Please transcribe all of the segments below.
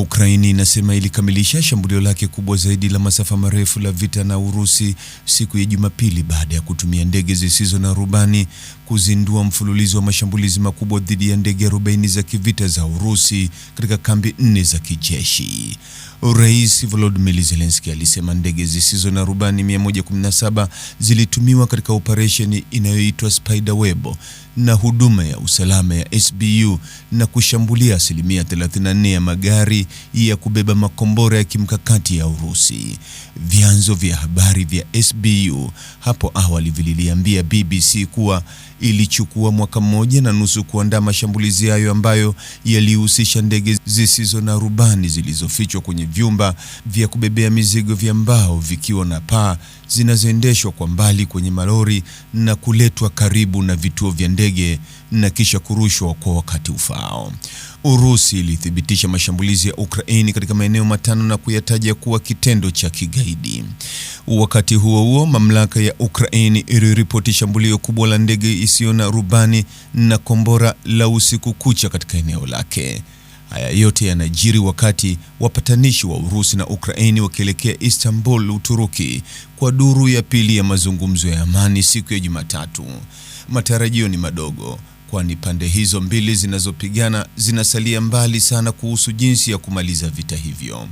Ukraini inasema ilikamilisha shambulio lake kubwa zaidi la masafa marefu la vita na Urusi siku ya Jumapili baada ya kutumia ndege zisizo na rubani kuzindua mfululizo wa mashambulizi makubwa dhidi ya ndege 40 za kivita za Urusi katika kambi nne za kijeshi. Rais Volodymyr Zelensky alisema ndege zisizo na rubani 117 zilitumiwa katika operesheni inayoitwa Spiderweb na huduma ya usalama ya SBU na kushambulia asilimia 34 ya magari ya kubeba makombora ya kimkakati ya Urusi. Vyanzo vya habari vya SBU hapo awali vililiambia BBC kuwa Ilichukua mwaka mmoja na nusu kuandaa mashambulizi hayo ambayo yalihusisha ndege zisizo na rubani zilizofichwa kwenye vyumba vya kubebea mizigo vya mbao vikiwa na paa, zinazoendeshwa kwa mbali kwenye malori na kuletwa karibu na vituo vya ndege na kisha kurushwa kwa wakati ufaao. Urusi ilithibitisha mashambulizi ya Ukraini katika maeneo matano na kuyataja kuwa kitendo cha kigaidi. Wakati huo huo, mamlaka ya Ukraini iliripoti shambulio kubwa la ndege isiyo na rubani na kombora la usiku kucha katika eneo lake. Haya yote yanajiri wakati wapatanishi wa Urusi na Ukraini wakielekea Istanbul, Uturuki kwa duru ya pili ya mazungumzo ya amani siku ya Jumatatu. Matarajio ni madogo kwani pande hizo mbili zinazopigana zinasalia mbali sana kuhusu jinsi ya kumaliza vita hivyo.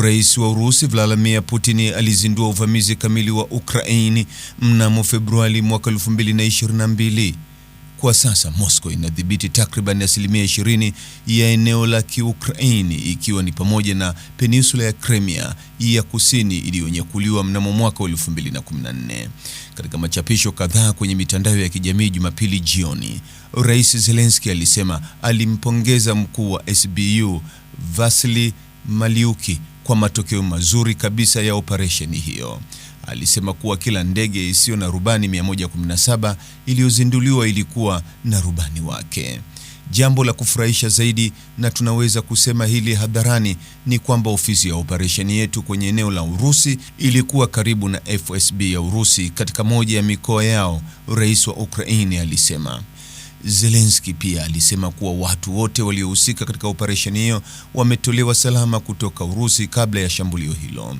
Rais wa Urusi Vladimir Putin alizindua uvamizi kamili wa Ukraini mnamo Februari mwaka 2022 kwa sasa Moscow inadhibiti takriban asilimia 20 ya eneo la Kiukraini ikiwa ni pamoja na peninsula ya Crimea ya kusini iliyonyakuliwa mnamo mwaka 2014. Katika machapisho kadhaa kwenye mitandao ya kijamii Jumapili jioni, Rais Zelensky alisema alimpongeza mkuu wa SBU Vasily Maliuki kwa matokeo mazuri kabisa ya operesheni hiyo alisema kuwa kila ndege isiyo na rubani 117 iliyozinduliwa ilikuwa na rubani wake. Jambo la kufurahisha zaidi, na tunaweza kusema hili hadharani, ni kwamba ofisi ya operesheni yetu kwenye eneo la Urusi ilikuwa karibu na FSB ya Urusi katika moja ya mikoa yao, rais wa Ukraini alisema. Zelensky pia alisema kuwa watu wote waliohusika katika operesheni hiyo wametolewa salama kutoka Urusi kabla ya shambulio hilo.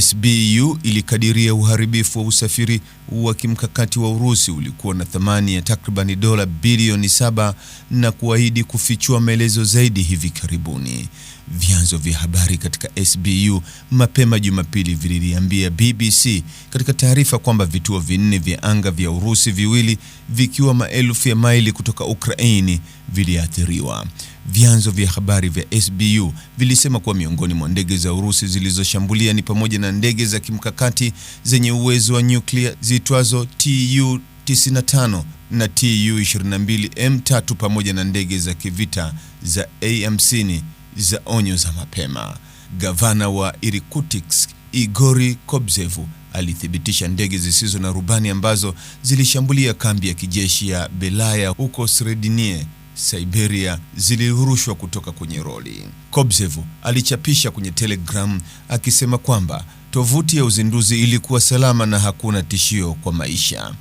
SBU ilikadiria uharibifu wa usafiri wa kimkakati wa Urusi ulikuwa na thamani ya takribani dola bilioni saba na kuahidi kufichua maelezo zaidi hivi karibuni. Vyanzo vya habari katika SBU mapema Jumapili vililiambia BBC katika taarifa kwamba vituo vinne vya anga vya Urusi viwili vikiwa maelfu ya maili kutoka Ukraini viliathiriwa. Vyanzo vya habari vya SBU vilisema kuwa miongoni mwa ndege za Urusi zilizoshambulia ni pamoja na ndege za kimkakati zenye uwezo wa nyuklia zitwazo Tu-95 na Tu-22M3 pamoja na ndege za kivita za A-50 za onyo za mapema. Gavana wa Irkutsk Igori Kobzevu alithibitisha ndege zisizo na rubani ambazo zilishambulia kambi ya kijeshi ya Belaya huko sredinie Siberia zilirushwa kutoka kwenye roli. Kobzev alichapisha kwenye Telegram akisema kwamba tovuti ya uzinduzi ilikuwa salama na hakuna tishio kwa maisha.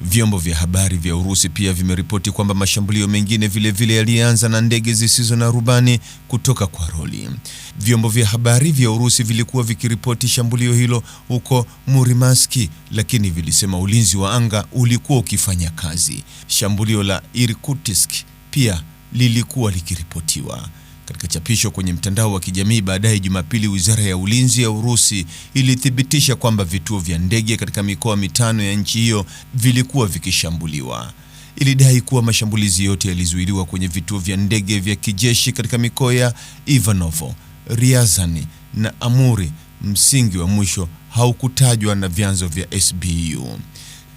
Vyombo vya habari vya Urusi pia vimeripoti kwamba mashambulio mengine vilevile yalianza na ndege zisizo na rubani kutoka kwa roli. Vyombo vya habari vya Urusi vilikuwa vikiripoti shambulio hilo huko Murimaski, lakini vilisema ulinzi wa anga ulikuwa ukifanya kazi. Shambulio la Irkutsk pia lilikuwa likiripotiwa. Katika chapisho kwenye mtandao wa kijamii baadaye Jumapili, wizara ya ulinzi ya Urusi ilithibitisha kwamba vituo vya ndege katika mikoa mitano ya nchi hiyo vilikuwa vikishambuliwa. Ilidai kuwa mashambulizi yote yalizuiliwa kwenye vituo vya ndege vya kijeshi katika mikoa ya Ivanovo, Ryazani na Amuri. Msingi wa mwisho haukutajwa na vyanzo vya SBU.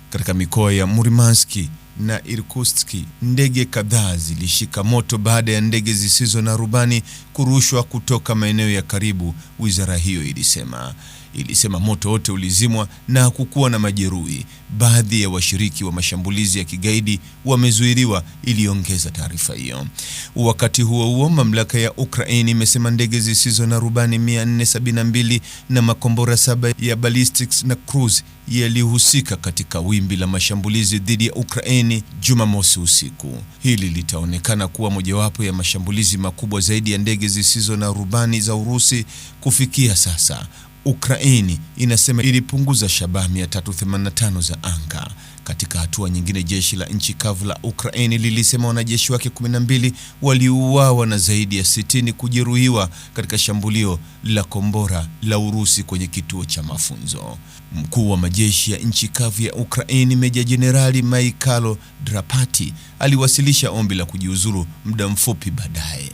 Katika mikoa ya murimanski na Irkutsk, ndege kadhaa zilishika moto baada ya ndege zisizo na rubani kurushwa kutoka maeneo ya karibu, wizara hiyo ilisema ilisema moto wote ulizimwa na hakukuwa na majeruhi. Baadhi ya washiriki wa mashambulizi ya kigaidi wamezuiliwa, iliongeza taarifa hiyo. Wakati huo huo, mamlaka ya Ukraine imesema ndege zisizo na rubani 472 na makombora saba ya ballistics na cruise yalihusika katika wimbi la mashambulizi dhidi ya Ukraini Jumamosi usiku. Hili litaonekana kuwa mojawapo ya mashambulizi makubwa zaidi ya ndege zisizo na rubani za Urusi kufikia sasa, Ukraini inasema ilipunguza shabaha 385 za anga. Katika hatua nyingine, jeshi la nchi kavu la Ukraini lilisema wanajeshi wake 12 waliuawa na zaidi ya 60 kujeruhiwa katika shambulio la kombora la Urusi kwenye kituo cha mafunzo. Mkuu wa majeshi ya nchi kavu ya Ukraini, Meja Jenerali maikalo Drapati, aliwasilisha ombi la kujiuzuru muda mfupi baadaye.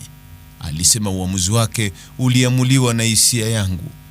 Alisema uamuzi wake uliamuliwa na hisia yangu